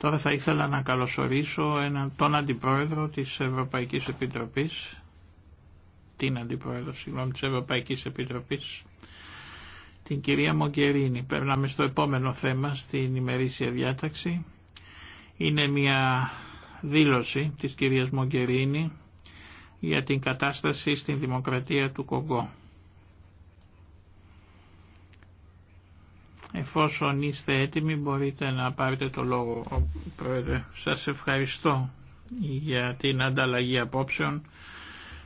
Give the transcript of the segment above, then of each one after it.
Τώρα θα ήθελα να καλωσορίσω ένα, τον Αντιπρόεδρο της Ευρωπαϊκής Επιτροπής, την Αντιπρόεδρο, συγγνώμη, της Ευρωπαϊκής Επιτροπής, την κυρία Μογκερίνη. Περνάμε στο επόμενο θέμα, στην ημερήσια διάταξη. Είναι μια δήλωση της κυρίας Μογκερίνη για την κατάσταση στην δημοκρατία του Κογκό. Εφόσον είστε έτοιμοι μπορείτε να πάρετε το λόγο, Πρόεδρε. Σας ευχαριστώ για την ανταλλαγή απόψεων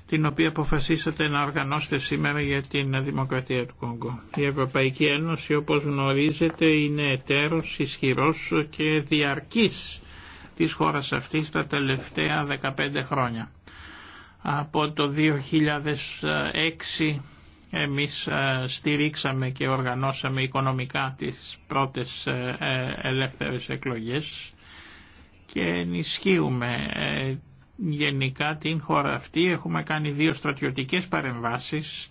την οποία αποφασίσατε να οργανώσετε σήμερα για την Δημοκρατία του Κόγκο. Η Ευρωπαϊκή Ένωση όπως γνωρίζετε είναι εταίρος, ισχυρός και διαρκής της χώρας αυτής τα τελευταία 15 χρόνια. Από το 2006 εμείς ε, στηρίξαμε και οργανώσαμε οικονομικά τις πρώτες ε, ε, ελεύθερες εκλογές και ενισχύουμε γενικά την χώρα αυτή. Έχουμε κάνει δύο στρατιωτικές παρεμβάσεις,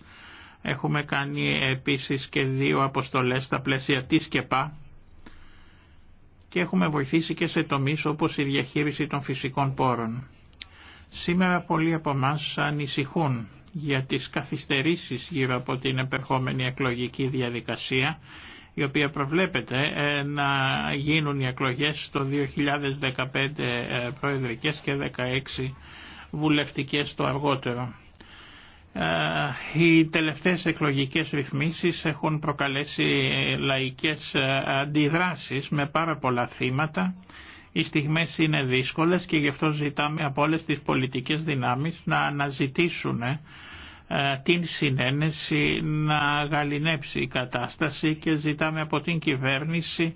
έχουμε κάνει επίσης και δύο αποστολές στα πλαίσια της ΚΕΠΑ και έχουμε βοηθήσει και σε τομείς όπως η διαχείριση των φυσικών πόρων. Σήμερα πολλοί από εμά ανησυχούν για τις καθυστερήσεις γύρω από την επερχόμενη εκλογική διαδικασία η οποία προβλέπεται ε, να γίνουν οι εκλογές το 2015 ε, προεδρικές και 16 βουλευτικές το αργότερο. Ε, οι τελευταίες εκλογικές ρυθμίσεις έχουν προκαλέσει λαϊκές αντιδράσεις με πάρα πολλά θύματα οι στιγμές είναι δύσκολες και γι' αυτό ζητάμε από όλες τις πολιτικές δυνάμεις να αναζητήσουν ε, την συνένεση να γαλινέψει η κατάσταση και ζητάμε από την κυβέρνηση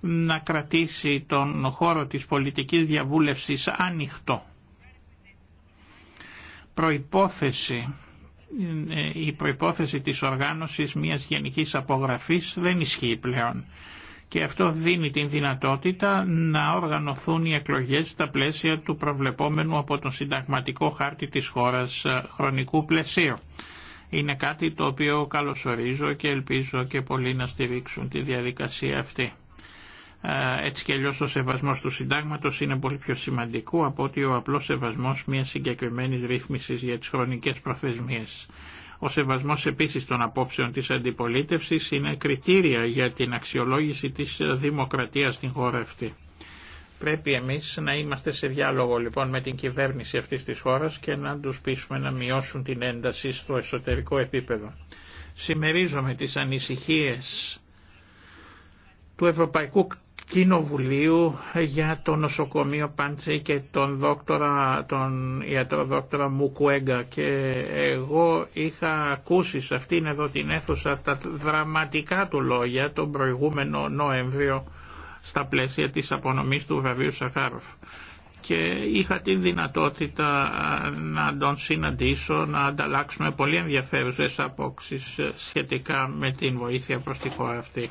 να κρατήσει τον χώρο της πολιτικής διαβούλευσης ανοιχτό. Προϋπόθεση, ε, η προϋπόθεση της οργάνωσης μιας γενικής απογραφής δεν ισχύει πλέον και αυτό δίνει την δυνατότητα να οργανωθούν οι εκλογές στα πλαίσια του προβλεπόμενου από τον συνταγματικό χάρτη της χώρας ε, χρονικού πλαισίου. Είναι κάτι το οποίο καλωσορίζω και ελπίζω και πολλοί να στηρίξουν τη διαδικασία αυτή. Ε, έτσι και αλλιώς ο σεβασμός του συντάγματος είναι πολύ πιο σημαντικό από ότι ο απλός σεβασμός μιας συγκεκριμένης ρύθμισης για τις χρονικές προθεσμίες. Ο σεβασμός επίσης των απόψεων της αντιπολίτευσης είναι κριτήρια για την αξιολόγηση της δημοκρατίας στην χώρα αυτή. Πρέπει εμείς να είμαστε σε διάλογο λοιπόν με την κυβέρνηση αυτής της χώρας και να τους πείσουμε να μειώσουν την ένταση στο εσωτερικό επίπεδο. Σημερίζομαι τις ανησυχίες του Ευρωπαϊκού Κοινοβουλίου για το νοσοκομείο Πάντζη και τον, δόκτορα, τον δόκτορα Μουκουέγκα και εγώ είχα ακούσει σε αυτήν εδώ την αίθουσα τα δραματικά του λόγια τον προηγούμενο Νοέμβριο στα πλαίσια της απονομής του βραβείου Σαχάροφ και είχα τη δυνατότητα ε, να τον συναντήσω, να ανταλλάξουμε πολύ ενδιαφέρουσες απόψεις ε, σχετικά με την βοήθεια προς τη χώρα αυτή.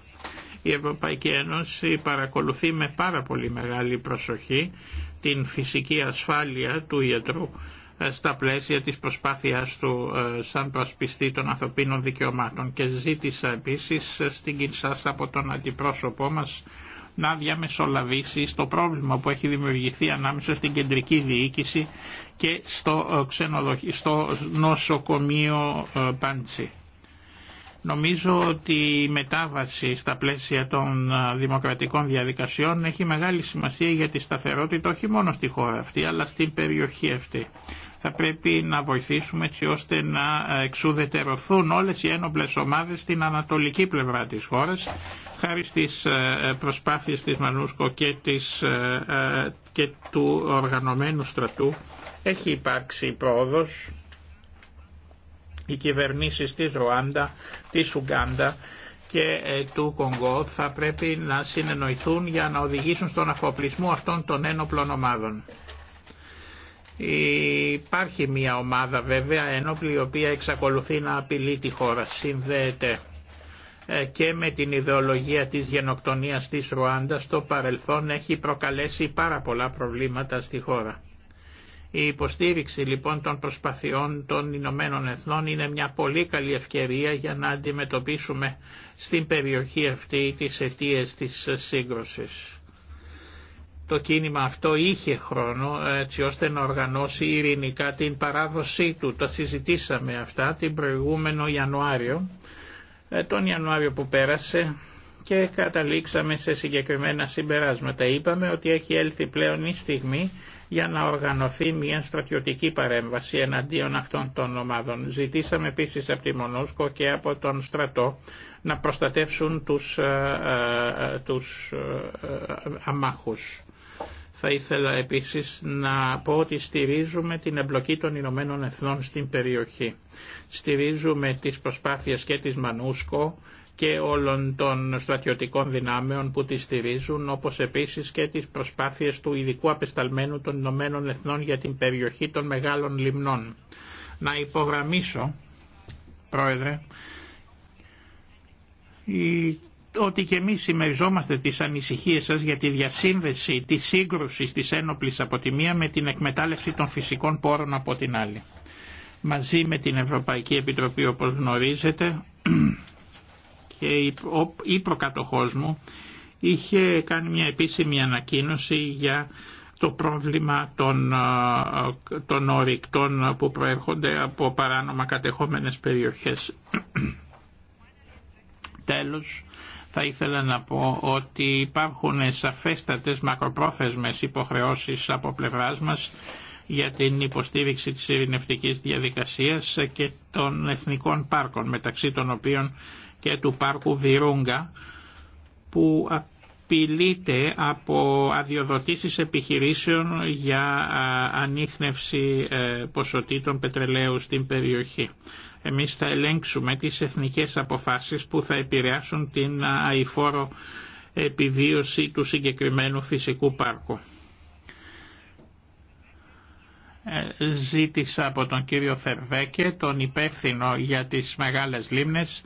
Η Ευρωπαϊκή Ένωση παρακολουθεί με πάρα πολύ μεγάλη προσοχή την φυσική ασφάλεια του ιατρού ε, στα πλαίσια της προσπάθειάς του ε, σαν προσπιστή των ανθρωπίνων δικαιωμάτων και ζήτησα επίσης ε, στην σας από τον αντιπρόσωπό μας να διαμεσολαβήσει στο πρόβλημα που έχει δημιουργηθεί ανάμεσα στην κεντρική διοίκηση και στο, νοσοκομείο Πάντσι. Νομίζω ότι η μετάβαση στα πλαίσια των δημοκρατικών διαδικασιών έχει μεγάλη σημασία για τη σταθερότητα όχι μόνο στη χώρα αυτή αλλά στην περιοχή αυτή. Θα πρέπει να βοηθήσουμε έτσι ώστε να εξουδετερωθούν όλες οι ένοπλες ομάδες στην ανατολική πλευρά της χώρας χάρη στις προσπάθειες της Μανούσκο και, της, του οργανωμένου στρατού έχει υπάρξει πρόοδος οι κυβερνήσεις της Ρουάντα, της Ουγκάντα και ε, του Κονγκό θα πρέπει να συνεννοηθούν για να οδηγήσουν στον αφοπλισμό αυτών των ένοπλων ομάδων. Υπάρχει μια ομάδα βέβαια ένοπλη η οποία εξακολουθεί να απειλεί τη χώρα. Συνδέεται ε, και με την ιδεολογία της γενοκτονίας της Ρουάντα στο παρελθόν έχει προκαλέσει πάρα πολλά προβλήματα στη χώρα. Η υποστήριξη λοιπόν των προσπαθειών των Ηνωμένων Εθνών είναι μια πολύ καλή ευκαιρία για να αντιμετωπίσουμε στην περιοχή αυτή τις αιτίες της σύγκρουσης. Το κίνημα αυτό είχε χρόνο έτσι ώστε να οργανώσει ειρηνικά την παράδοσή του. Το συζητήσαμε αυτά την προηγούμενο Ιανουάριο, ε, τον Ιανουάριο που πέρασε και καταλήξαμε σε συγκεκριμένα συμπεράσματα. Είπαμε ότι έχει έλθει πλέον η στιγμή για να οργανωθεί μια στρατιωτική παρέμβαση εναντίον αυτών των ομάδων. Ζητήσαμε επίσης από τη Μονούσκο και από τον στρατό να προστατεύσουν τους, ε, ε, τους ε, αμάχους. Θα ήθελα επίσης να πω ότι στηρίζουμε την εμπλοκή των Ηνωμένων Εθνών στην περιοχή. Στηρίζουμε τις προσπάθειες και της Μανούσκο και όλων των στρατιωτικών δυνάμεων που τη στηρίζουν, όπως επίσης και τις προσπάθειες του ειδικού απεσταλμένου των Ηνωμένων Εθνών για την περιοχή των Μεγάλων Λιμνών. Να υπογραμμίσω, Πρόεδρε, ότι και εμείς συμμεριζόμαστε τις ανησυχίες σας για τη διασύνδεση τη σύγκρουση της ένοπλης από τη μία με την εκμετάλλευση των φυσικών πόρων από την άλλη. Μαζί με την Ευρωπαϊκή Επιτροπή, όπως γνωρίζετε, και ή προκατοχός μου είχε κάνει μια επίσημη ανακοίνωση για το πρόβλημα των, των που προέρχονται από παράνομα κατεχόμενες περιοχές. Τέλος, θα ήθελα να πω ότι υπάρχουν σαφέστατες μακροπρόθεσμες υποχρεώσεις από πλευράς μας για την υποστήριξη της ειρηνευτικής διαδικασίας και των εθνικών πάρκων μεταξύ των οποίων και του πάρκου Βιρούγκα που απειλείται από αδειοδοτήσεις επιχειρήσεων για ανείχνευση ε, ποσοτήτων πετρελαίου στην περιοχή. Εμείς θα ελέγξουμε τις εθνικές αποφάσεις που θα επηρεάσουν την αηφόρο επιβίωση του συγκεκριμένου φυσικού πάρκου. Ε, ζήτησα από τον κύριο Φερβέκε, τον υπεύθυνο για τις μεγάλες λίμνες,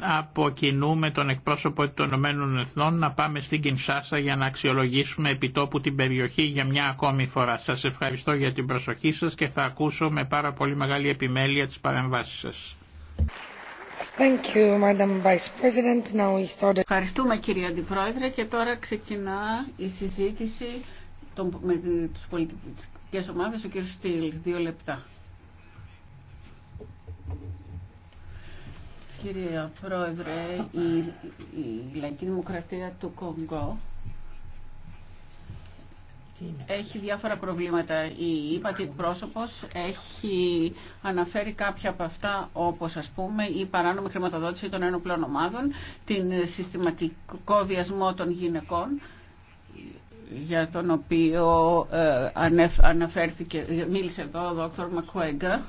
αποκινούμε τον εκπρόσωπο των Ηνωμένων Εθνών να πάμε στην Κινσάσα για να αξιολογήσουμε επιτόπου την περιοχή για μια ακόμη φορά. Σας ευχαριστώ για την προσοχή σας και θα ακούσω με πάρα πολύ μεγάλη επιμέλεια τις παρεμβάσεις σας. Ευχαριστούμε κύριε Αντιπρόεδρε και τώρα ξεκινά η συζήτηση με τις πολιτικές ομάδες. Ο κύριο Στυλ, δύο λεπτά. Κύριε Πρόεδρε, η, η Λαϊκή Δημοκρατία του Κονγκό έχει διάφορα προβλήματα. Η ύπατη πρόσωπος έχει αναφέρει κάποια από αυτά όπως ας πούμε η παράνομη χρηματοδότηση των ένοπλων ομάδων, την συστηματικό βιασμό των γυναικών για τον οποίο ε, αναφέρθηκε, μίλησε εδώ ο Δόκτωρ Μακουέγκα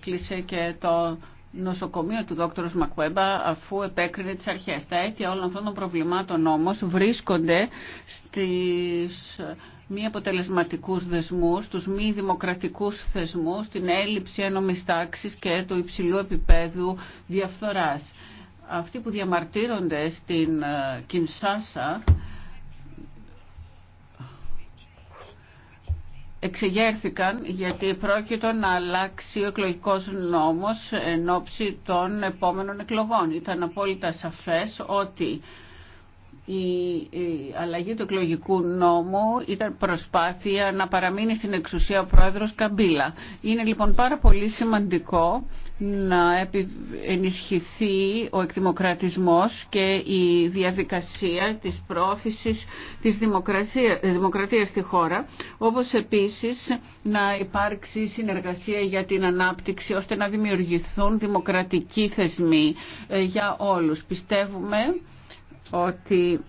κλείσε και το νοσοκομείο του δόκτωρος Μακουέμπα αφού επέκρινε τις αρχές. Τα αίτια όλων αυτών των προβλημάτων όμως βρίσκονται στις μη αποτελεσματικούς δεσμούς, τους μη δημοκρατικούς θεσμούς, την έλλειψη ένομης τάξης και του υψηλού επίπεδου διαφθοράς. Αυτοί που διαμαρτύρονται στην ε, Κινσάσα εξεγέρθηκαν γιατί πρόκειτο να αλλάξει ο εκλογικό νόμος εν ώψη των επόμενων εκλογών. Ήταν απόλυτα σαφές ότι η, αλλαγή του εκλογικού νόμου ήταν προσπάθεια να παραμείνει στην εξουσία ο πρόεδρος Καμπίλα. Είναι λοιπόν πάρα πολύ σημαντικό να ενισχυθεί ο εκδημοκρατισμός και η διαδικασία της πρόθεσης της δημοκρατίας στη χώρα, όπως επίσης να υπάρξει συνεργασία για την ανάπτυξη, ώστε να δημιουργηθούν δημοκρατικοί θεσμοί ε, για όλους. Πιστεύουμε ότι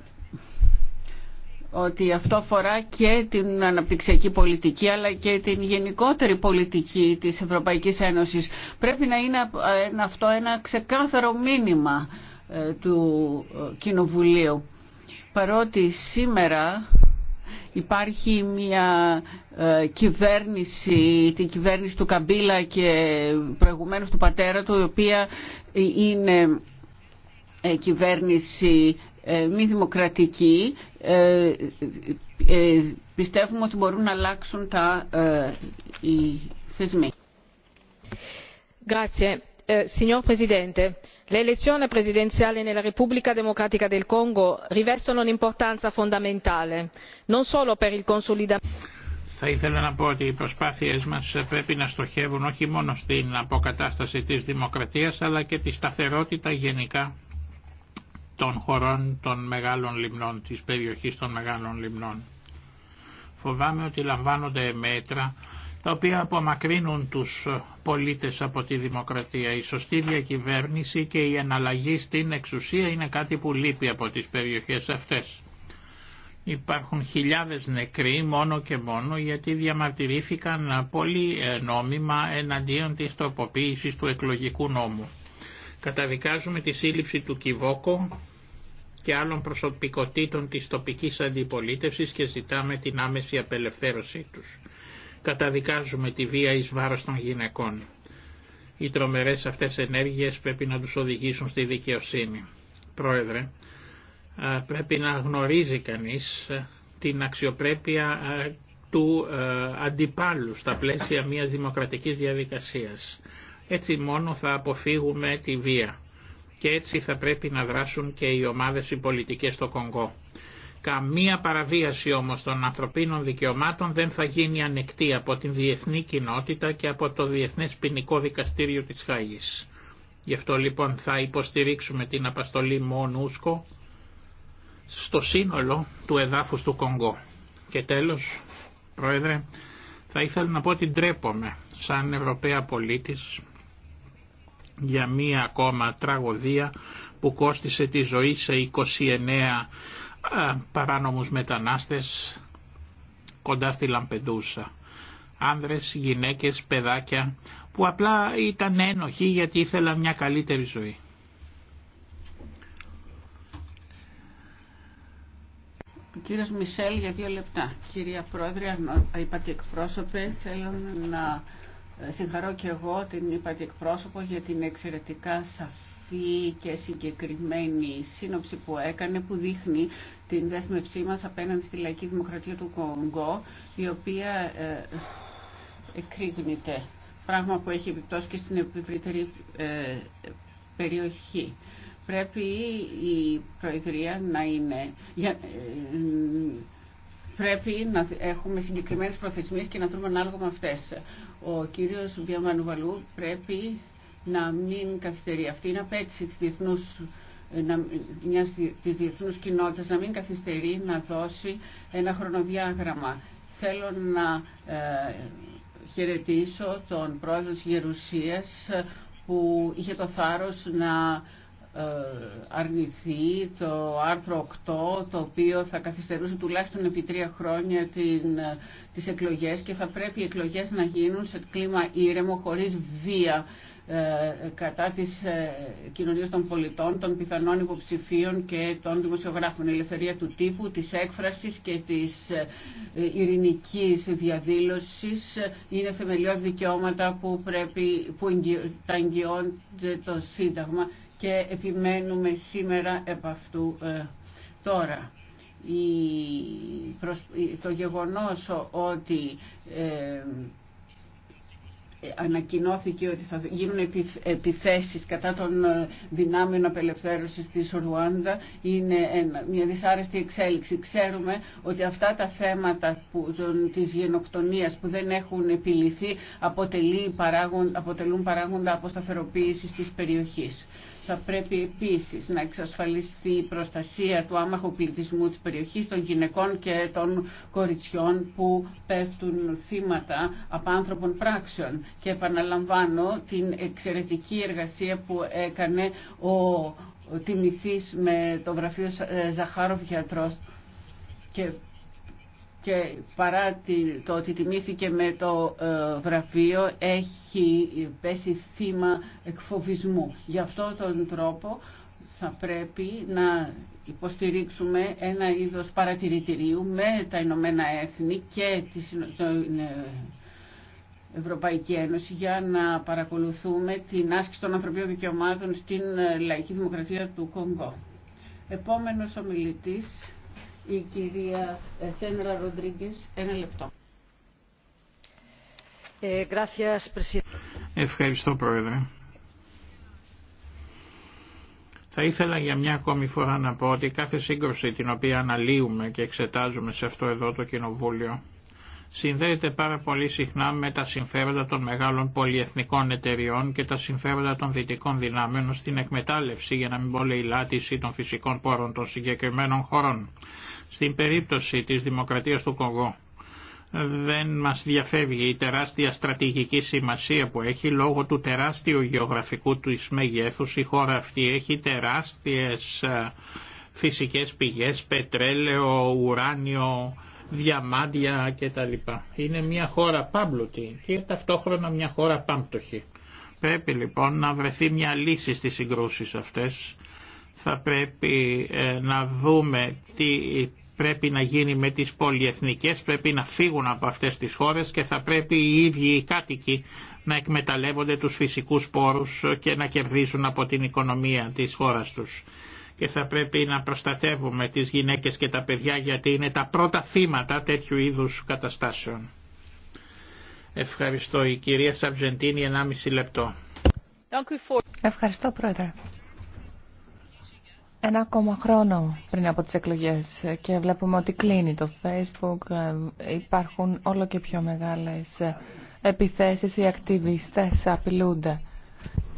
ότι αυτό αφορά και την αναπτυξιακή πολιτική αλλά και την γενικότερη πολιτική της Ευρωπαϊκής Ένωσης. Πρέπει να είναι αυτό ένα ξεκάθαρο μήνυμα ε, του ε, Κοινοβουλίου. Παρότι σήμερα υπάρχει μια ε, κυβέρνηση, την κυβέρνηση του Καμπίλα και προηγουμένως του πατέρα του, η οποία είναι κυβέρνηση ε, μη δημοκρατικοί ε, ε, πιστεύουμε ότι μπορούν να αλλάξουν τα, οι θεσμοί. θα ήθελα να πω ότι οι προσπάθειές μας πρέπει να στοχεύουν όχι μόνο στην αποκατάσταση της δημοκρατίας αλλά και τη σταθερότητα γενικά των χωρών των μεγάλων λιμνών, της περιοχής των μεγάλων λιμνών. Φοβάμαι ότι λαμβάνονται μέτρα τα οποία απομακρύνουν τους πολίτες από τη δημοκρατία. Η σωστή διακυβέρνηση και η εναλλαγή στην εξουσία είναι κάτι που λείπει από τις περιοχές αυτές. Υπάρχουν χιλιάδες νεκροί μόνο και μόνο γιατί διαμαρτυρήθηκαν πολύ ε, νόμιμα εναντίον της τροποποίησης του εκλογικού νόμου. Καταδικάζουμε τη σύλληψη του Κιβόκο και άλλων προσωπικότητων της τοπικής αντιπολίτευσης και ζητάμε την άμεση απελευθέρωσή τους. Καταδικάζουμε τη βία εις βάρος των γυναικών. Οι τρομερές αυτές ενέργειες πρέπει να τους οδηγήσουν στη δικαιοσύνη. Πρόεδρε, πρέπει να γνωρίζει κανείς την αξιοπρέπεια του αντιπάλου στα πλαίσια μιας δημοκρατικής διαδικασίας. Έτσι μόνο θα αποφύγουμε τη βία και έτσι θα πρέπει να δράσουν και οι ομάδες οι πολιτικές στο Κονγκό. Καμία παραβίαση όμως των ανθρωπίνων δικαιωμάτων δεν θα γίνει ανεκτή από την διεθνή κοινότητα και από το Διεθνές Ποινικό Δικαστήριο της Χάγης. Γι' αυτό λοιπόν θα υποστηρίξουμε την απαστολή Μονούσκο στο σύνολο του εδάφους του Κονγκό. Και τέλος, Πρόεδρε, θα ήθελα να πω ότι ντρέπομαι σαν Ευρωπαία πολίτης για μία ακόμα τραγωδία που κόστισε τη ζωή σε 29 παράνομους μετανάστες κοντά στη Λαμπεντούσα. Άνδρες, γυναίκες, παιδάκια που απλά ήταν ένοχοι γιατί ήθελαν μια καλύτερη ζωή. Ο για δύο λεπτά. Κυρία Πρόεδρε, είπατε εκπρόσωπε, θέλω να συγχαρώ και εγώ την είπατε εκπρόσωπο για την εξαιρετικά σαφή και συγκεκριμένη σύνοψη που έκανε που δείχνει την δέσμευσή μας απέναντι στη λαϊκή δημοκρατία του Κονγκό η οποία ε, εκρήγνεται πράγμα που έχει επιπτώσει και στην ευρύτερη ε, περιοχή. Πρέπει η Προεδρία να είναι... Ε, πρέπει να έχουμε συγκεκριμένες προθεσμίες και να δούμε ανάλογα με αυτές. Ο κύριος Βιαμανουβαλού πρέπει να μην καθυστερεί. Αυτή είναι απέτηση της διεθνούς να, της διεθνούς κοινότητας να μην καθυστερεί να δώσει ένα χρονοδιάγραμμα. Θέλω να ε, χαιρετήσω τον πρόεδρο της Γερουσίας ε, που είχε το θάρρος να ε, αρνηθεί το άρθρο 8 το οποίο θα καθυστερούσε τουλάχιστον επί τρία χρόνια την, ε, τις εκλογές και θα πρέπει οι εκλογές να γίνουν σε κλίμα ήρεμο χωρίς βία ε, κατά της κοινωνίας των πολιτών, των πιθανών υποψηφίων και των δημοσιογράφων. Η ελευθερία του τύπου, της έκφρασης και της ειρηνικής διαδήλωσης είναι θεμελιώδη δικαιώματα που, πρέπει, που τα εγγυώνται το Σύνταγμα και επιμένουμε σήμερα επ' αυτού ε, τώρα. το γεγονός ότι ε, ανακοινώθηκε ότι θα γίνουν επιθέσεις κατά των ε, δυνάμεων απελευθέρωσης της Ρουάντα είναι μια δυσάρεστη εξέλιξη. Ξέρουμε ότι αυτά τα θέματα που, της γενοκτονίας που δεν έχουν επιληθεί αποτελεί, αποτελούν παράγοντα αποσταθεροποίησης της περιοχής. Θα πρέπει επίσης να εξασφαλιστεί η προστασία του άμαχου πληθυσμού της περιοχής, των γυναικών και των κοριτσιών που πέφτουν θύματα άνθρωπων πράξεων και επαναλαμβάνω την εξαιρετική εργασία που έκανε ο τιμηθής με το γραφείο ε, Ζαχάροφ γιατρός και, και παρά το ότι τιμήθηκε με το βραφείο ε, έχει πέσει θύμα εκφοβισμού. Γι' αυτό τον τρόπο θα πρέπει να υποστηρίξουμε ένα είδος παρατηρητηρίου με τα Ηνωμένα Έθνη και τις ε, Ευρωπαϊκή Ένωση για να παρακολουθούμε την άσκηση των ανθρωπίνων δικαιωμάτων στην ε, λαϊκή δημοκρατία του Κονγκό. Επόμενος ομιλητής, η κυρία ε, Σένρα Ροντρίγκες, ένα λεπτό. Ε, Ευχαριστώ Πρόεδρε. Θα ήθελα για μια ακόμη φορά να πω ότι κάθε σύγκρουση την οποία αναλύουμε και εξετάζουμε σε αυτό εδώ το Κοινοβούλιο συνδέεται πάρα πολύ συχνά με τα συμφέροντα των μεγάλων πολιεθνικών εταιριών και τα συμφέροντα των δυτικών δυνάμεων στην εκμετάλλευση για να μην πω λάτιση των φυσικών πόρων των συγκεκριμένων χωρών. Στην περίπτωση της Δημοκρατίας του Κογκό δεν μας διαφεύγει η τεράστια στρατηγική σημασία που έχει λόγω του τεράστιου γεωγραφικού του μέγεθους. Η χώρα αυτή έχει τεράστιες ε, φυσικές πηγές, πετρέλαιο, ουράνιο, διαμάντια κτλ. Είναι μια χώρα πάμπλουτη και ταυτόχρονα μια χώρα πάμπτωχη. Πρέπει λοιπόν να βρεθεί μια λύση στις συγκρούσεις αυτές. Θα πρέπει ε, να δούμε τι πρέπει να γίνει με τις πολυεθνικές, πρέπει να φύγουν από αυτές τις χώρες και θα πρέπει οι ίδιοι οι κάτοικοι να εκμεταλλεύονται τους φυσικούς πόρους και να κερδίσουν από την οικονομία της χώρας τους και θα πρέπει να προστατεύουμε τις γυναίκες και τα παιδιά γιατί είναι τα πρώτα θύματα τέτοιου είδους καταστάσεων. Ευχαριστώ. Η κυρία Σαμπζεντίνη, 1,5 λεπτό. Ευχαριστώ, Πρόεδρε. Ένα ακόμα χρόνο πριν από τις εκλογές και βλέπουμε ότι κλείνει το Facebook, υπάρχουν όλο και πιο μεγάλες επιθέσεις, οι ακτιβιστές απειλούνται.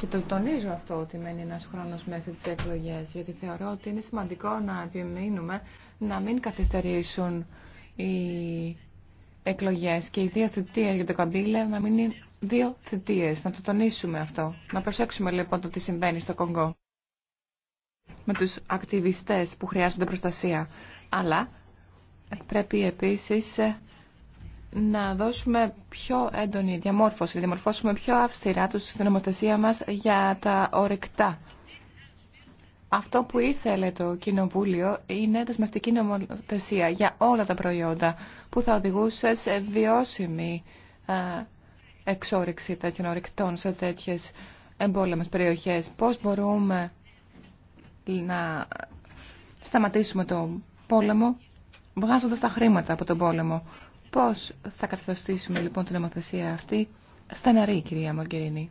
Και το τονίζω αυτό ότι μένει ένας χρόνος μέχρι τις εκλογές, γιατί θεωρώ ότι είναι σημαντικό να επιμείνουμε να μην καθυστερήσουν οι εκλογές και η δύο θητεία για το Καμπύλε να μην είναι δύο θητείες. Να το τονίσουμε αυτό. Να προσέξουμε λοιπόν το τι συμβαίνει στο Κονγκό με τους ακτιβιστές που χρειάζονται προστασία. Αλλά πρέπει επίσης να δώσουμε πιο έντονη διαμόρφωση, να διαμορφώσουμε πιο αυστηρά τους στην νομοθεσία μας για τα ορεκτά. Αυτό που ήθελε το Κοινοβούλιο είναι δεσμευτική νομοθεσία για όλα τα προϊόντα που θα οδηγούσε σε βιώσιμη εξόρυξη τέτοιων ορεκτών σε τέτοιε εμπόλεμες περιοχές. Πώς μπορούμε να σταματήσουμε τον πόλεμο βγάζοντας τα χρήματα από τον πόλεμο. Πώς θα καθοστήσουμε λοιπόν την ομοθεσία αυτή στεναρή, κυρία Μαγκερίνη.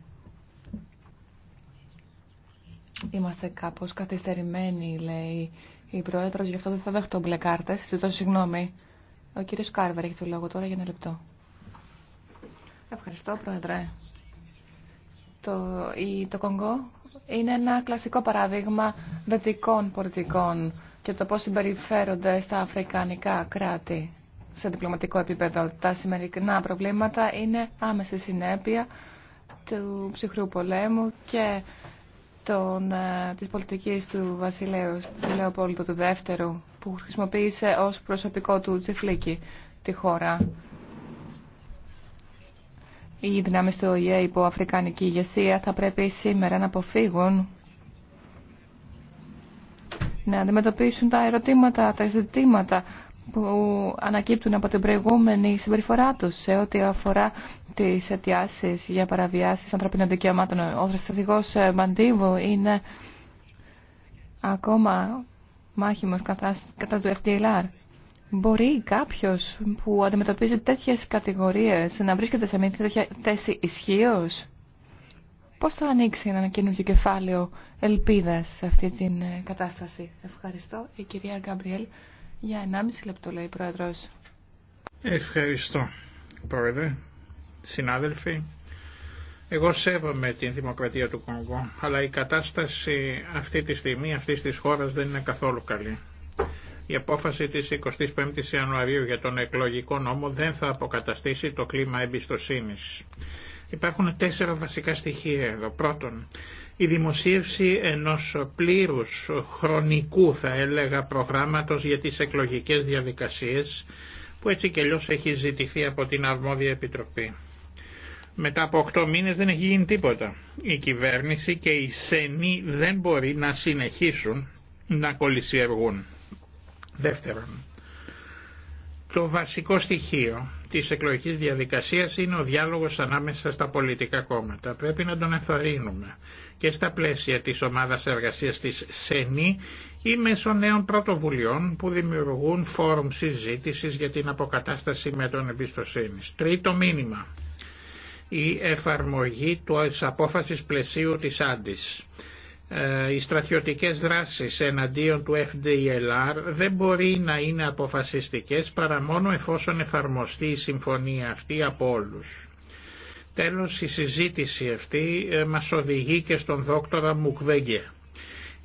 Είμαστε κάπως καθυστερημένοι, λέει η Πρόεδρος, γι' αυτό δεν θα δέχτω μπλε κάρτες. Συζητώ συγγνώμη. Ο κύριος Κάρβερ έχει το λόγο τώρα για ένα λεπτό. Ευχαριστώ, Πρόεδρε. Το, η, το Κονγκό είναι ένα κλασικό παράδειγμα δυτικών πολιτικών και το πώς συμπεριφέρονται στα αφρικανικά κράτη σε διπλωματικό επίπεδο. Τα σημερινά προβλήματα είναι άμεση συνέπεια του ψυχρού πολέμου και των, ε, της πολιτικής του βασιλέου του του Δεύτερου που χρησιμοποίησε ως προσωπικό του τσιφλίκι τη χώρα. Οι δυνάμεις του ΟΗΕ υπό αφρικανική ηγεσία θα πρέπει σήμερα να αποφύγουν να αντιμετωπίσουν τα ερωτήματα, τα ζητήματα που ανακύπτουν από την προηγούμενη συμπεριφορά του σε ό,τι αφορά τι αιτιάσει για παραβιάσεις ανθρωπίνων δικαιωμάτων. Ο στρατηγό Μαντίβου είναι ακόμα μάχημο κατά, του FDLR. Μπορεί κάποιος που αντιμετωπίζει τέτοιε κατηγορίε να βρίσκεται σε μια τέτοια θέση ισχύω. πώ θα ανοίξει ένα καινούργιο κεφάλαιο ελπίδα σε αυτή την κατάσταση. Ευχαριστώ. Η κυρία Γκαμπριέλ για 1,5 λεπτό λέει η Πρόεδρος. Ευχαριστώ Πρόεδρε, συνάδελφοι. Εγώ σέβομαι την δημοκρατία του Κονγκό, αλλά η κατάσταση αυτή τη στιγμή αυτή της χώρας δεν είναι καθόλου καλή. Η απόφαση της 25ης Ιανουαρίου για τον εκλογικό νόμο δεν θα αποκαταστήσει το κλίμα εμπιστοσύνης. Υπάρχουν τέσσερα βασικά στοιχεία εδώ. Πρώτον, η δημοσίευση ενός πλήρους χρονικού θα έλεγα προγράμματος για τις εκλογικές διαδικασίες που έτσι και αλλιώς έχει ζητηθεί από την αρμόδια επιτροπή. Μετά από 8 μήνες δεν έχει γίνει τίποτα. Η κυβέρνηση και οι ΣΕΝΗ δεν μπορεί να συνεχίσουν να κολυσιεργούν. Δεύτερον, το βασικό στοιχείο της εκλογικής διαδικασίας είναι ο διάλογος ανάμεσα στα πολιτικά κόμματα. Πρέπει να τον εθωρύνουμε και στα πλαίσια της ομάδας εργασίας της ΣΕΝΗ ή μέσω νέων πρωτοβουλειών που δημιουργούν φόρουμ συζήτησης για την αποκατάσταση με εμπιστοσύνη. Τρίτο μήνυμα. Η εφαρμογή του απόφασης πλαισίου της Άντης. Ε, οι στρατιωτικές δράσεις εναντίον του FDLR δεν μπορεί να είναι αποφασιστικές παρά μόνο εφόσον εφαρμοστεί η συμφωνία αυτή από όλους. Τέλος, η συζήτηση αυτή ε, μας οδηγεί και στον δόκτορα Μουκβέγγε.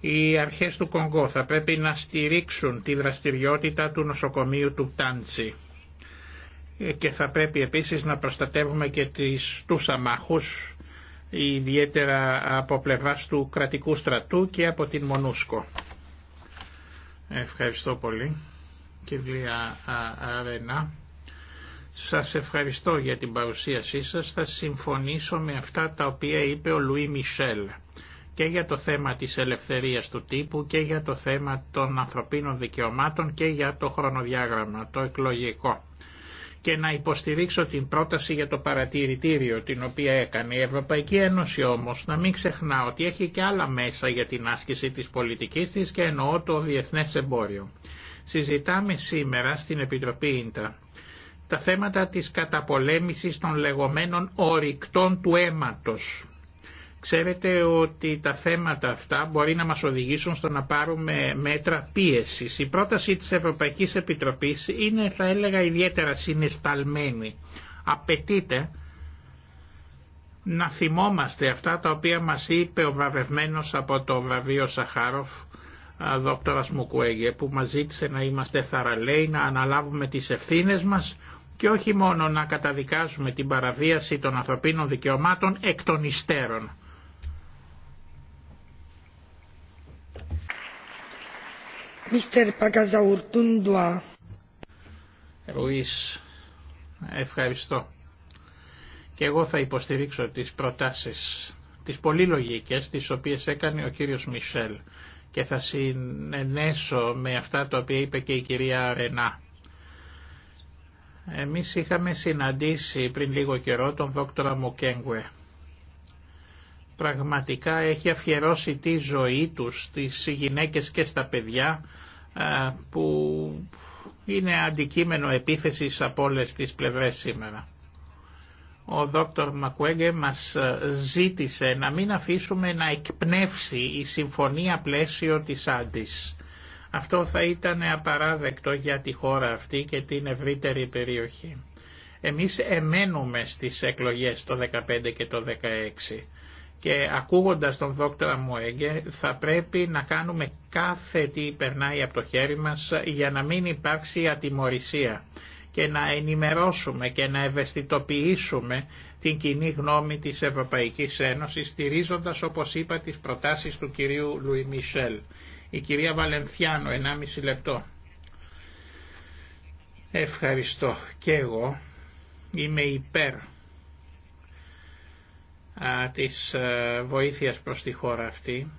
Οι αρχές του Κονγκό θα πρέπει να στηρίξουν τη δραστηριότητα του νοσοκομείου του Τάντσι ε, και θα πρέπει επίσης να προστατεύουμε και τις, τους αμάχους ιδιαίτερα από πλευράς του κρατικού στρατού και από την Μονούσκο. Ευχαριστώ πολύ. Κυρία Αρένα, σας ευχαριστώ για την παρουσίασή σας. Θα συμφωνήσω με αυτά τα οποία είπε ο Λουί Μισελ και για το θέμα της ελευθερίας του τύπου και για το θέμα των ανθρωπίνων δικαιωμάτων και για το χρονοδιάγραμμα, το εκλογικό και να υποστηρίξω την πρόταση για το παρατηρητήριο την οποία έκανε η Ευρωπαϊκή Ένωση όμως να μην ξεχνά ότι έχει και άλλα μέσα για την άσκηση της πολιτικής της και εννοώ το διεθνές εμπόριο. Συζητάμε σήμερα στην Επιτροπή Ίντα τα θέματα της καταπολέμησης των λεγόμενων ορυκτών του αίματος Ξέρετε ότι τα θέματα αυτά μπορεί να μας οδηγήσουν στο να πάρουμε μέτρα πίεσης. Η πρόταση της Ευρωπαϊκής Επιτροπής είναι θα έλεγα ιδιαίτερα συνισταλμένη. Απαιτείται να θυμόμαστε αυτά τα οποία μας είπε ο βραβευμένος από το βραβείο Σαχάροφ δόκτωρας Μουκουέγε που μας ζήτησε να είμαστε θαραλέοι, να αναλάβουμε τις ευθύνες μας και όχι μόνο να καταδικάζουμε την παραβίαση των ανθρωπίνων δικαιωμάτων εκ των υστέρων. Mr. ευχαριστώ. Και εγώ θα υποστηρίξω τις προτάσεις, τις πολύ λογικές, τις οποίες έκανε ο κύριος Μισελ και θα συνενέσω με αυτά τα οποία είπε και η κυρία Ρενά. Εμείς είχαμε συναντήσει πριν λίγο καιρό τον δόκτωρα Μουκέγκουε πραγματικά έχει αφιερώσει τη ζωή τους στις γυναίκες και στα παιδιά ε, που είναι αντικείμενο επίθεσης από όλε τις πλευρές σήμερα. Ο δόκτωρ Μακουέγκε μας ε, ζήτησε να μην αφήσουμε να εκπνεύσει η συμφωνία πλαίσιο της Άντης. Αυτό θα ήταν απαράδεκτο για τη χώρα αυτή και την ευρύτερη περιοχή. Εμείς εμένουμε στις εκλογές το 2015 και το 2016 και ακούγοντας τον δόκτωρα Μουέγκε θα πρέπει να κάνουμε κάθε τι περνάει από το χέρι μας για να μην υπάρξει ατιμορρησία και να ενημερώσουμε και να ευαισθητοποιήσουμε την κοινή γνώμη της Ευρωπαϊκής Ένωσης στηρίζοντας όπως είπα τις προτάσεις του κυρίου Λουι Μισελ. Η κυρία Βαλενθιάνο, 1,5 λεπτό. Ευχαριστώ και εγώ είμαι υπέρ της ε, βοήθειας προς τη χώρα αυτή.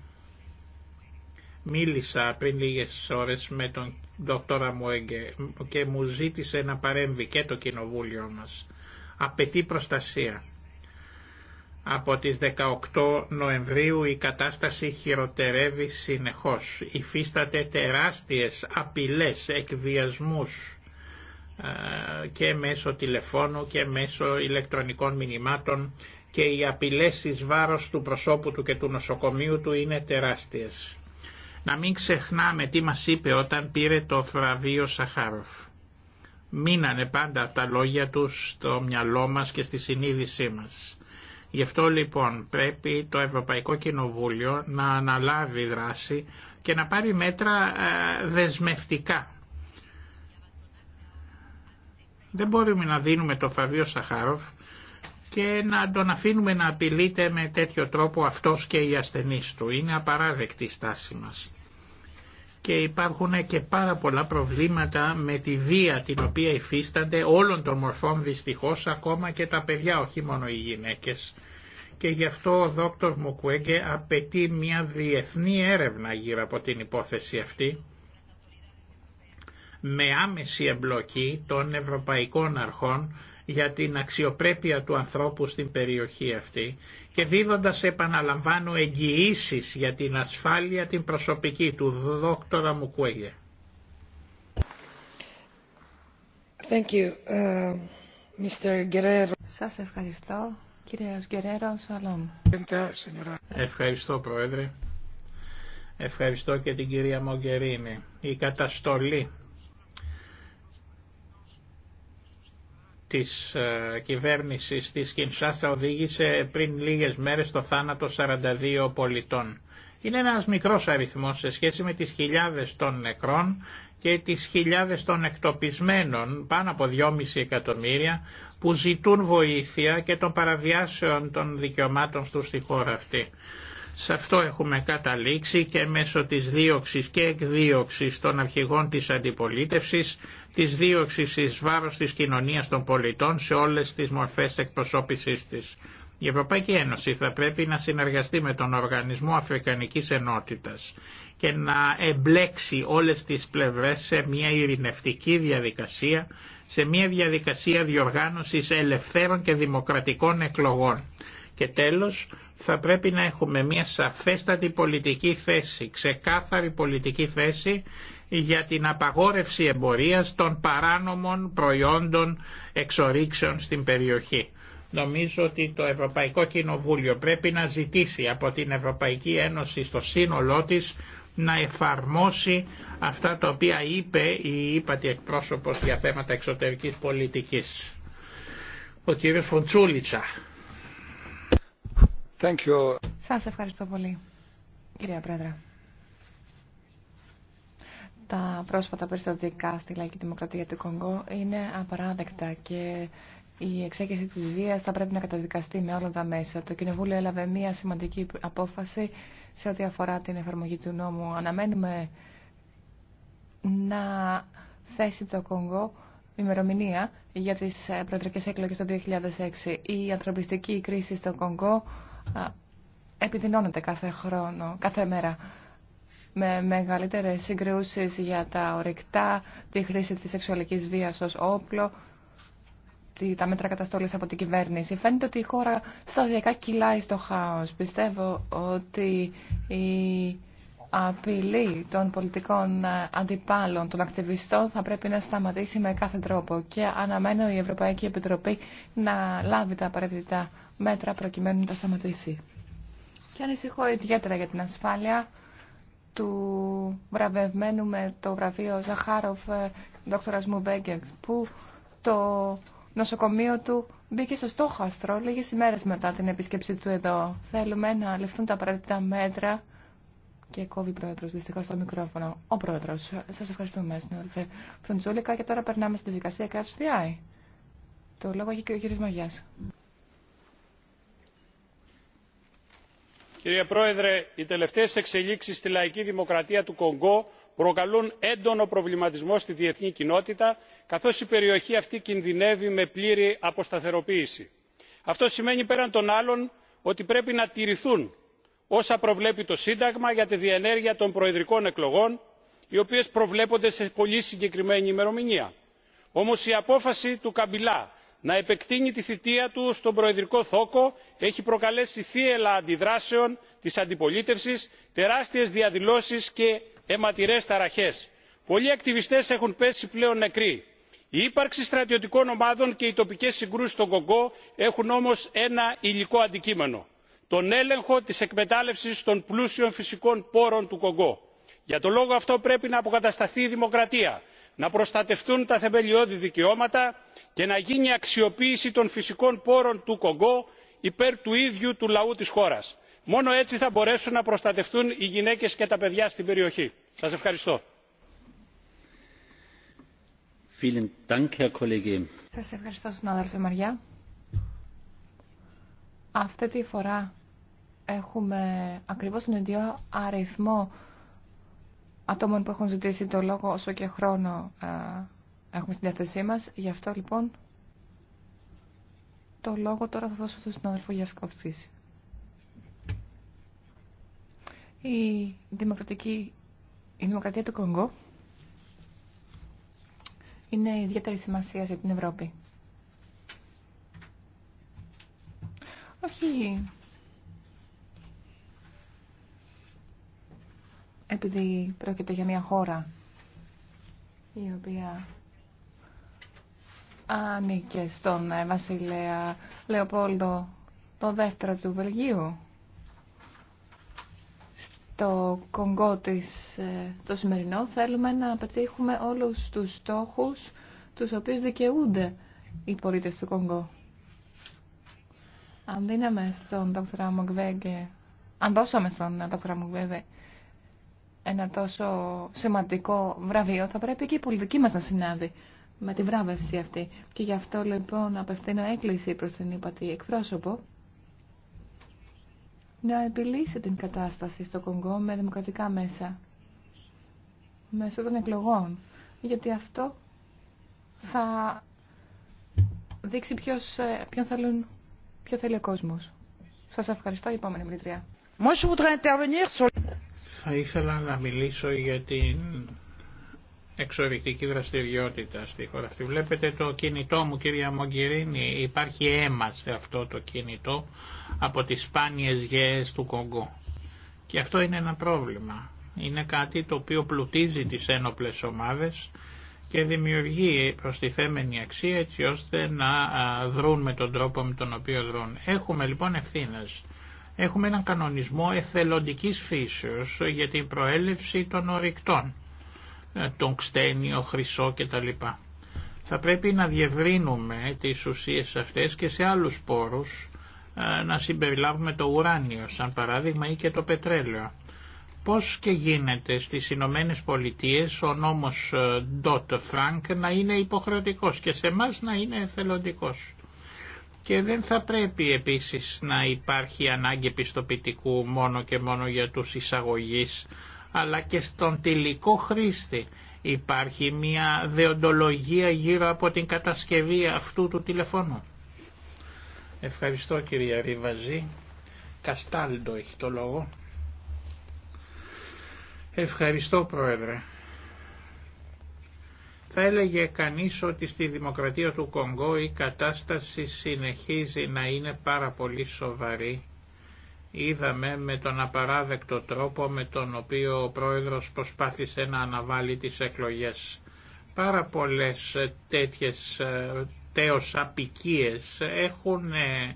Μίλησα πριν λίγες ώρες με τον δόκτωρα Μουέγκε και μου ζήτησε να παρέμβει και το κοινοβούλιο μας. Απαιτεί προστασία. Από τις 18 Νοεμβρίου η κατάσταση χειροτερεύει συνεχώς. Υφίσταται τεράστιες απειλές, εκβιασμούς ε, και μέσω τηλεφώνου και μέσω ηλεκτρονικών μηνυμάτων και οι απειλές εις βάρος του προσώπου του και του νοσοκομείου του είναι τεράστιες. Να μην ξεχνάμε τι μας είπε όταν πήρε το φραβείο Σαχάροφ. Μείνανε πάντα τα λόγια του στο μυαλό μας και στη συνείδησή μας. Γι' αυτό λοιπόν πρέπει το Ευρωπαϊκό Κοινοβούλιο να αναλάβει δράση και να πάρει μέτρα ε, δεσμευτικά. Δεν μπορούμε να δίνουμε το Φαβίο Σαχάροφ και να τον αφήνουμε να απειλείται με τέτοιο τρόπο αυτός και οι ασθενείς του. Είναι απαράδεκτη η στάση μας. Και υπάρχουν και πάρα πολλά προβλήματα με τη βία την οποία υφίστανται όλων των μορφών δυστυχώς ακόμα και τα παιδιά, όχι μόνο οι γυναίκες. Και γι' αυτό ο δόκτωρ Μουκουέγκε απαιτεί μια διεθνή έρευνα γύρω από την υπόθεση αυτή με άμεση εμπλοκή των ευρωπαϊκών αρχών για την αξιοπρέπεια του ανθρώπου στην περιοχή αυτή και δίδοντας επαναλαμβάνω εγγυήσει για την ασφάλεια την προσωπική του δόκτωρα Μουκουέγε. Thank you, uh, Mr. Guerrero. Σας ευχαριστώ, κύριος Γκερέρο Σαλόμ. Ευχαριστώ, Πρόεδρε. Ευχαριστώ και την κυρία Μογκερίνη. Η καταστολή της ε, κυβέρνησης της Κινσάσα οδήγησε πριν λίγες μέρες το θάνατο 42 πολιτών. Είναι ένας μικρός αριθμός σε σχέση με τις χιλιάδες των νεκρών και τις χιλιάδες των εκτοπισμένων, πάνω από 2,5 εκατομμύρια, που ζητούν βοήθεια και των παραβιάσεων των δικαιωμάτων στους στη χώρα αυτή. Σε αυτό έχουμε καταλήξει και μέσω της δίωξης και εκδίωξης των αρχηγών της αντιπολίτευσης, της δίωξης εις βάρος της κοινωνίας των πολιτών σε όλες τις μορφές εκπροσώπησής της. Η Ευρωπαϊκή Ένωση θα πρέπει να συνεργαστεί με τον Οργανισμό Αφρικανικής Ενότητας και να εμπλέξει όλες τις πλευρές σε μια ειρηνευτική διαδικασία, σε μια διαδικασία διοργάνωσης ελευθέρων και δημοκρατικών εκλογών. Και τέλος, θα πρέπει να έχουμε μια σαφέστατη πολιτική θέση, ξεκάθαρη πολιτική θέση για την απαγόρευση εμπορίας των παράνομων προϊόντων εξορίξεων στην περιοχή. Νομίζω ότι το Ευρωπαϊκό Κοινοβούλιο πρέπει να ζητήσει από την Ευρωπαϊκή Ένωση στο σύνολό της να εφαρμόσει αυτά τα οποία είπε η ύπατη εκπρόσωπος για θέματα εξωτερικής πολιτικής. Ο κύριος Φοντσούλητσα. Thank you. Σας ευχαριστώ πολύ, κυρία Πρόεδρε. Τα πρόσφατα περιστατικά στη Λαϊκή Δημοκρατία του Κονγκό είναι απαράδεκτα και η εξέγερση της βίας θα πρέπει να καταδικαστεί με όλα τα μέσα. Το Κοινοβούλιο έλαβε μία σημαντική απόφαση σε ό,τι αφορά την εφαρμογή του νόμου. Αναμένουμε να θέσει το Κονγκό ημερομηνία για τις προεδρικές εκλογές το 2006. Η ανθρωπιστική κρίση στο Κονγκό επιδεινώνεται κάθε χρόνο, κάθε μέρα με μεγαλύτερες συγκρούσεις για τα ορυκτά, τη χρήση της σεξουαλικής βίας ως όπλο, τα μέτρα καταστόλης από την κυβέρνηση. Φαίνεται ότι η χώρα σταδιακά κυλάει στο χάος. Πιστεύω ότι η απειλή των πολιτικών αντιπάλων, των ακτιβιστών θα πρέπει να σταματήσει με κάθε τρόπο και αναμένω η Ευρωπαϊκή Επιτροπή να λάβει τα απαραίτητα μέτρα προκειμένου να τα σταματήσει. Και ανησυχώ ιδιαίτερα για την ασφάλεια του βραβευμένου με το βραβείο Ζαχάροφ ε, δόκτωρας Μουμπέγκεξ που το νοσοκομείο του μπήκε στο στόχαστρο λίγες ημέρες μετά την επίσκεψή του εδώ. Θέλουμε να ληφθούν τα απαραίτητα μέτρα και κόβει πρόεδρο δυστυχώ το μικρόφωνο. Ο πρόεδρο. Σα ευχαριστούμε, συνάδελφε Φροντζούλικα. Και τώρα περνάμε στη δικασία Catch Το λόγο έχει και ο κ. Μαγιά. κύριε πρόεδρε οι τελευταίες εξελίξεις στη λαϊκή δημοκρατία του κονγκό προκαλούν έντονο προβληματισμό στη διεθνή κοινότητα καθώς η περιοχή αυτή κινδυνεύει με πλήρη αποσταθεροποίηση. αυτό σημαίνει πέραν των άλλων ότι πρέπει να τηρηθούν όσα προβλέπει το σύνταγμα για τη διενέργεια των προεδρικών εκλογών οι οποίες προβλέπονται σε πολύ συγκεκριμένη ημερομηνία. όμως η απόφαση του καμπιλά να επεκτείνει τη θητεία του στον προεδρικό θόκο έχει προκαλέσει θύελλα αντιδράσεων της αντιπολίτευσης τεράστιες διαδηλώσεις και αιματηρές ταραχές. πολλοί ακτιβιστές έχουν πέσει πλέον νεκροί. η ύπαρξη στρατιωτικών ομάδων και οι τοπικές συγκρούσεις στον κονγκό έχουν όμως ένα υλικό αντικείμενο τον έλεγχο της εκμετάλλευσης των πλούσιων φυσικών πόρων του κονγκό. για τον λόγο αυτό πρέπει να αποκατασταθεί η δημοκρατία να προστατευτούν τα θεμελιώδη δικαιώματα και να γίνει αξιοποίηση των φυσικών πόρων του κογκό υπέρ του ίδιου του λαού της χώρας. μόνο έτσι θα μπορέσουν να προστατευτούν οι γυναίκες και τα παιδιά στην περιοχή. σας ευχαριστώ. Σας ευχαριστώ συνάδελφε Μαριά. Αυτή τη φορά έχουμε ακριβώς τον ίδιο αριθμό ατόμων που έχουν ζητήσει το λόγο όσο και χρόνο ε, έχουμε στην διάθεσή μας. Γι' αυτό λοιπόν το λόγο τώρα θα δώσω στον συνάδελφο Γευκοφτσής. Η, δημοκρατική, η δημοκρατία του Κονγκό είναι ιδιαίτερη σημασία για την Ευρώπη. Όχι επειδή πρόκειται για μια χώρα η οποία ανήκε στον ε, βασιλέα Λεοπόλδο το δεύτερο του Βελγίου στο κονγκό της ε, το σημερινό θέλουμε να πετύχουμε όλους τους στόχους τους οποίους δικαιούνται οι πολίτες του Κονγκό. Αν δίναμε στον Δόκτωρα Μογκβέγκε, αν δώσαμε στον Δόκτωρα Μογκβέγκε ένα τόσο σημαντικό βραβείο, θα πρέπει και η πολιτική μας να συνάδει με τη βράβευση αυτή. Και γι' αυτό λοιπόν απευθύνω έκκληση προς την ύπατη εκπρόσωπο να επιλύσει την κατάσταση στο Κονγκό με δημοκρατικά μέσα, μέσω των εκλογών, γιατί αυτό θα δείξει ποιος, ε, ποιον, ποιο θέλει ο κόσμος. Σας ευχαριστώ, η επόμενη sur... Θα ήθελα να μιλήσω για την εξορρυκτική δραστηριότητα στη χώρα αυτή. Βλέπετε το κινητό μου κυρία Μογκυρίνη, υπάρχει αίμα σε αυτό το κινητό από τις σπάνιες γέες του Κογκό. Και αυτό είναι ένα πρόβλημα. Είναι κάτι το οποίο πλουτίζει τις ένοπλες ομάδες και δημιουργεί προστιθέμενη αξία έτσι ώστε να δρούν με τον τρόπο με τον οποίο δρούν. Έχουμε λοιπόν ευθύνες έχουμε έναν κανονισμό εθελοντικής φύσεως για την προέλευση των ορυκτών, ε, τον ξτένιο, χρυσό κτλ. Θα πρέπει να διευρύνουμε τις ουσίες αυτές και σε άλλους πόρους, ε, να συμπεριλάβουμε το ουράνιο σαν παράδειγμα ή και το πετρέλαιο. Πώς και γίνεται στις Ηνωμένε Πολιτείε ο νόμος ε, Dodd Frank να είναι υποχρεωτικός και σε εμά να είναι εθελοντικός. Και δεν θα πρέπει επίσης να υπάρχει ανάγκη πιστοποιητικού μόνο και μόνο για τους εισαγωγείς, αλλά και στον τελικό χρήστη υπάρχει μια δεοντολογία γύρω από την κατασκευή αυτού του τηλεφώνου. Ευχαριστώ κυρία Ριβαζή. Καστάλντο έχει το λόγο. Ευχαριστώ πρόεδρε. Θα έλεγε κανείς ότι στη Δημοκρατία του Κονγκό η κατάσταση συνεχίζει να είναι πάρα πολύ σοβαρή. Είδαμε με τον απαράδεκτο τρόπο με τον οποίο ο πρόεδρος προσπάθησε να αναβάλει τις εκλογές. Πάρα πολλές τέτοιες ε, τέος απικίες έχουν ε,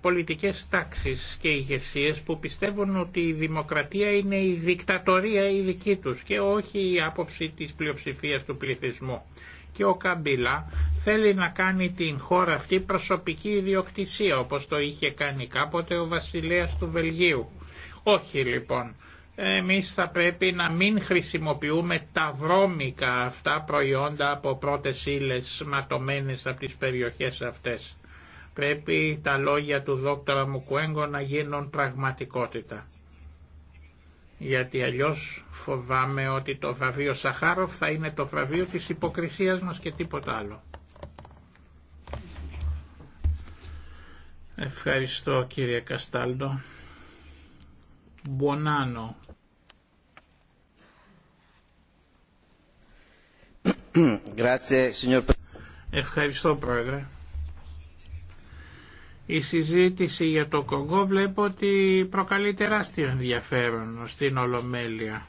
πολιτικές τάξεις και ηγεσίε που πιστεύουν ότι η δημοκρατία είναι η δικτατορία η δική τους και όχι η άποψη της πλειοψηφίας του πληθυσμού. Και ο Καμπίλα θέλει να κάνει την χώρα αυτή προσωπική ιδιοκτησία όπως το είχε κάνει κάποτε ο βασιλέας του Βελγίου. Όχι λοιπόν. Εμείς θα πρέπει να μην χρησιμοποιούμε τα βρώμικα αυτά προϊόντα από πρώτες ύλες ματωμένες από τις περιοχές αυτές. Πρέπει τα λόγια του δόκτωρα Μουκουέγκο να γίνουν πραγματικότητα. Γιατί αλλιώς φοβάμαι ότι το βραβείο Σαχάροφ θα είναι το βραβείο της υποκρισίας μας και τίποτα άλλο. Ευχαριστώ κύριε Καστάλτο. Μπονάνο. Ευχαριστώ πρόεδρε. Η συζήτηση για το Κογκό βλέπω ότι προκαλεί τεράστιο ενδιαφέρον στην Ολομέλεια.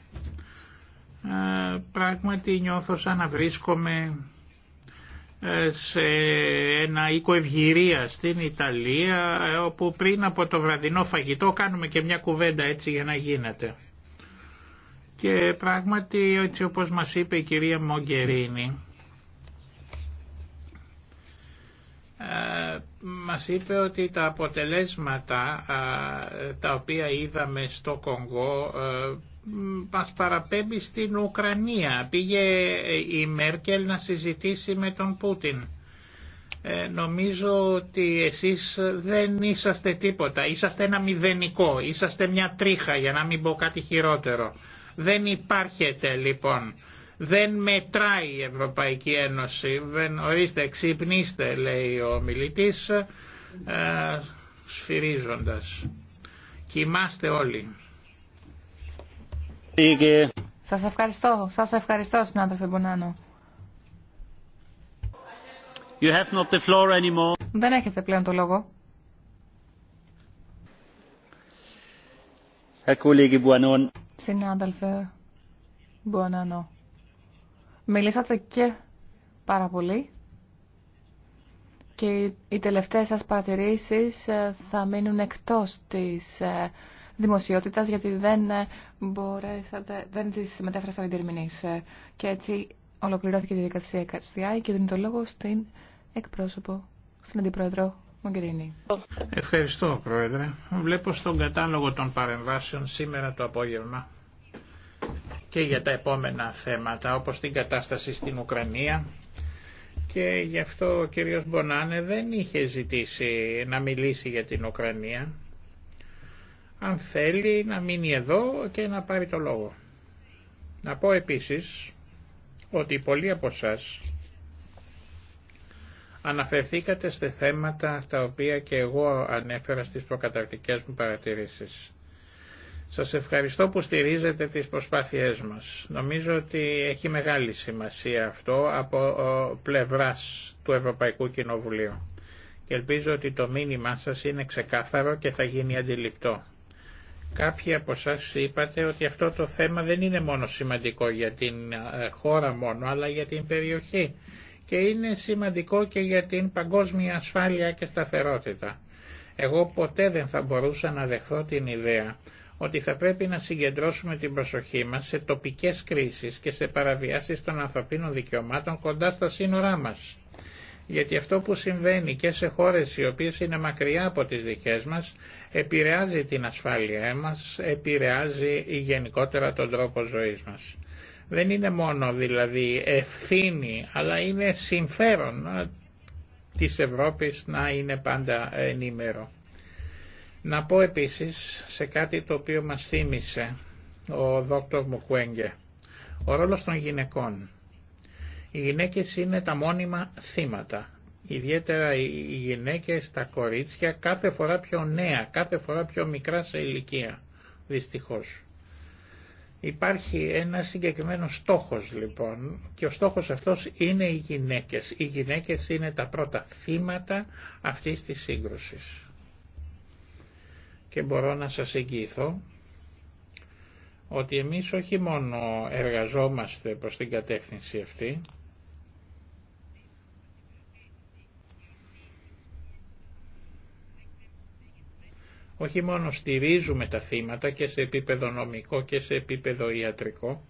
Ε, πράγματι νιώθω σαν να βρίσκομαι ε, σε ένα οίκο ευγυρία στην Ιταλία ε, όπου πριν από το βραδινό φαγητό κάνουμε και μια κουβέντα έτσι για να γίνεται. Και πράγματι έτσι όπως μας είπε η κυρία Μογκερίνη μας είπε ότι τα αποτελέσματα τα οποία είδαμε στο Κονγκό μας παραπέμπει στην Ουκρανία. Πήγε η Μέρκελ να συζητήσει με τον Πούτιν. Ε, νομίζω ότι εσείς δεν είσαστε τίποτα. Είσαστε ένα μηδενικό, είσαστε μια τρίχα για να μην πω κάτι χειρότερο. Δεν υπάρχετε λοιπόν δεν μετράει η Ευρωπαϊκή Ένωση. Δεν, ορίστε, ξυπνήστε, λέει ο μιλητής, ε, σφυρίζοντας. Κοιμάστε όλοι. Σας ευχαριστώ, σας ευχαριστώ, συνάδελφε Μπονάνο. You have not the floor anymore. Δεν έχετε πλέον το λόγο. Συνάδελφε Μπονάνο. Μιλήσατε και πάρα πολύ και οι τελευταίες σας παρατηρήσεις ε, θα μείνουν εκτός της ε, δημοσιότητας γιατί δεν ε, μπορέσατε, δεν τις μετέφρασαν οι Και έτσι ολοκληρώθηκε η δικασία ΚΑΤΣΤΙΑΗ και δίνει το λόγο στην εκπρόσωπο, στην Αντιπρόεδρο Μογκερίνη. Ευχαριστώ Πρόεδρε. Βλέπω στον κατάλογο των παρεμβάσεων σήμερα το απόγευμα και για τα επόμενα θέματα όπως την κατάσταση στην Ουκρανία και γι' αυτό ο κύριος Μπονάνε δεν είχε ζητήσει να μιλήσει για την Ουκρανία αν θέλει να μείνει εδώ και να πάρει το λόγο. Να πω επίσης ότι πολλοί από εσά αναφερθήκατε σε θέματα τα οποία και εγώ ανέφερα στις προκαταρκτικές μου παρατηρήσεις. Σας ευχαριστώ που στηρίζετε τις προσπάθειές μας. Νομίζω ότι έχει μεγάλη σημασία αυτό από πλευράς του Ευρωπαϊκού Κοινοβουλίου. Και ελπίζω ότι το μήνυμά σας είναι ξεκάθαρο και θα γίνει αντιληπτό. Κάποιοι από εσά είπατε ότι αυτό το θέμα δεν είναι μόνο σημαντικό για την ε, χώρα μόνο, αλλά για την περιοχή. Και είναι σημαντικό και για την παγκόσμια ασφάλεια και σταθερότητα. Εγώ ποτέ δεν θα μπορούσα να δεχθώ την ιδέα ότι θα πρέπει να συγκεντρώσουμε την προσοχή μας σε τοπικές κρίσεις και σε παραβιάσεις των ανθρωπίνων δικαιωμάτων κοντά στα σύνορά μας. Γιατί αυτό που συμβαίνει και σε χώρες οι οποίες είναι μακριά από τις δικές μας, επηρεάζει την ασφάλειά μας, επηρεάζει γενικότερα τον τρόπο ζωής μας. Δεν είναι μόνο δηλαδή ευθύνη, αλλά είναι συμφέρον ε, της Ευρώπης να είναι πάντα ενήμερο. Να πω επίσης σε κάτι το οποίο μας θύμισε ο δόκτωρ Μουκουέγγε, ο ρόλος των γυναικών. Οι γυναίκες είναι τα μόνιμα θύματα. Ιδιαίτερα οι γυναίκες, τα κορίτσια, κάθε φορά πιο νέα, κάθε φορά πιο μικρά σε ηλικία, δυστυχώς. Υπάρχει ένα συγκεκριμένο στόχος λοιπόν και ο στόχος αυτός είναι οι γυναίκες. Οι γυναίκες είναι τα πρώτα θύματα αυτής της σύγκρουσης και μπορώ να σας εγγυηθώ ότι εμείς όχι μόνο εργαζόμαστε προς την κατεύθυνση αυτή, όχι μόνο στηρίζουμε τα θύματα και σε επίπεδο νομικό και σε επίπεδο ιατρικό,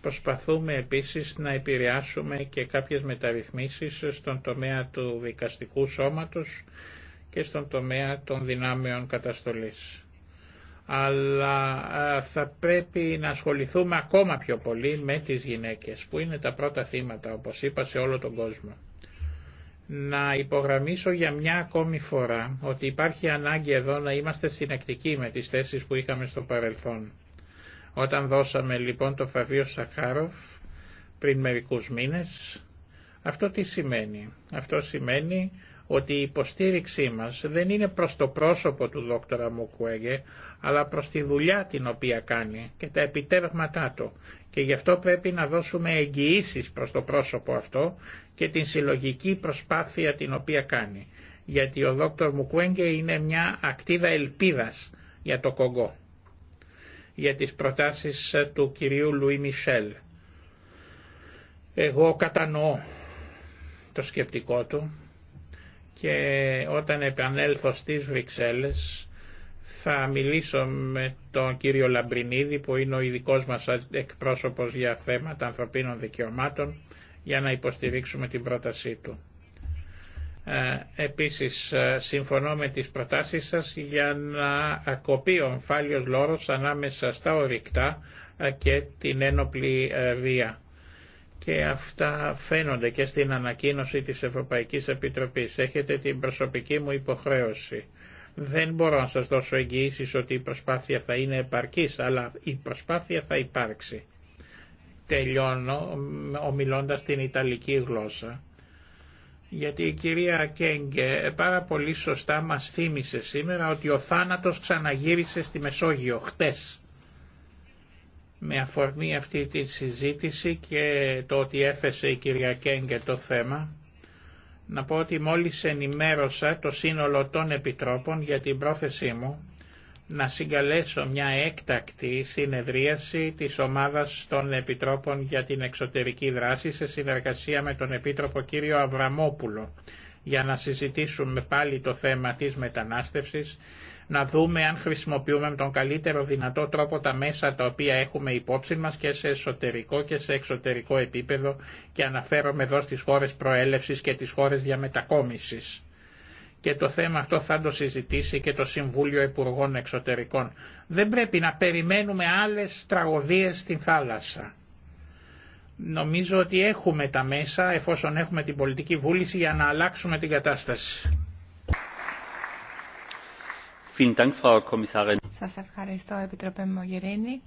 προσπαθούμε επίσης να επηρεάσουμε και κάποιες μεταρρυθμίσεις στον τομέα του δικαστικού σώματος και στον τομέα των δυνάμεων καταστολής. Αλλά θα πρέπει να ασχοληθούμε ακόμα πιο πολύ με τις γυναίκες που είναι τα πρώτα θύματα όπως είπα σε όλο τον κόσμο. Να υπογραμμίσω για μια ακόμη φορά ότι υπάρχει ανάγκη εδώ να είμαστε συνεκτικοί με τις θέσεις που είχαμε στο παρελθόν. Όταν δώσαμε λοιπόν το φαβείο Σαχάροφ πριν μερικούς μήνες, αυτό τι σημαίνει. Αυτό σημαίνει ότι η υποστήριξή μας δεν είναι προς το πρόσωπο του δόκτωρα Μουκουέγε, αλλά προς τη δουλειά την οποία κάνει και τα επιτεύγματά του. Και γι' αυτό πρέπει να δώσουμε εγγυήσει προς το πρόσωπο αυτό και την συλλογική προσπάθεια την οποία κάνει. Γιατί ο δόκτωρ Μουκουέγγε είναι μια ακτίδα ελπίδας για το Κογκό. Για τις προτάσεις του κυρίου Λουί Μισελ. Εγώ κατανοώ το σκεπτικό του, και όταν επανέλθω στις Βρυξέλλες θα μιλήσω με τον κύριο Λαμπρινίδη που είναι ο ειδικό μας εκπρόσωπος για θέματα ανθρωπίνων δικαιωμάτων για να υποστηρίξουμε την πρότασή του. Ε, επίσης ε, συμφωνώ με τις προτάσεις σας για να ακοπεί ο ομφάλιος λόρος ανάμεσα στα ορυκτά ε, και την ένοπλη βία και αυτά φαίνονται και στην ανακοίνωση της Ευρωπαϊκής Επιτροπής. Έχετε την προσωπική μου υποχρέωση. Δεν μπορώ να σας δώσω εγγυήσεις ότι η προσπάθεια θα είναι επαρκής, αλλά η προσπάθεια θα υπάρξει. Τελειώνω ομιλώντας την Ιταλική γλώσσα. Γιατί η κυρία Κέγκε πάρα πολύ σωστά μας θύμισε σήμερα ότι ο θάνατος ξαναγύρισε στη Μεσόγειο χτες. Με αφορμή αυτή τη συζήτηση και το ότι έθεσε η κυρία Κέγκε το θέμα, να πω ότι μόλις ενημέρωσα το σύνολο των επιτρόπων για την πρόθεσή μου να συγκαλέσω μια έκτακτη συνεδρίαση της ομάδας των Επιτρόπων για την Εξωτερική Δράση σε συνεργασία με τον Επίτροπο κύριο Αβραμόπουλο για να συζητήσουμε πάλι το θέμα της μετανάστευσης να δούμε αν χρησιμοποιούμε με τον καλύτερο δυνατό τρόπο τα μέσα τα οποία έχουμε υπόψη μας και σε εσωτερικό και σε εξωτερικό επίπεδο και αναφέρομαι εδώ στις χώρες προέλευσης και τις χώρες διαμετακόμισης και το θέμα αυτό θα το συζητήσει και το Συμβούλιο Υπουργών Εξωτερικών. Δεν πρέπει να περιμένουμε άλλες τραγωδίες στην θάλασσα. Νομίζω ότι έχουμε τα μέσα, εφόσον έχουμε την πολιτική βούληση, για να αλλάξουμε την κατάσταση. Σας ευχαριστώ, Επιτροπέ Μογερίνη.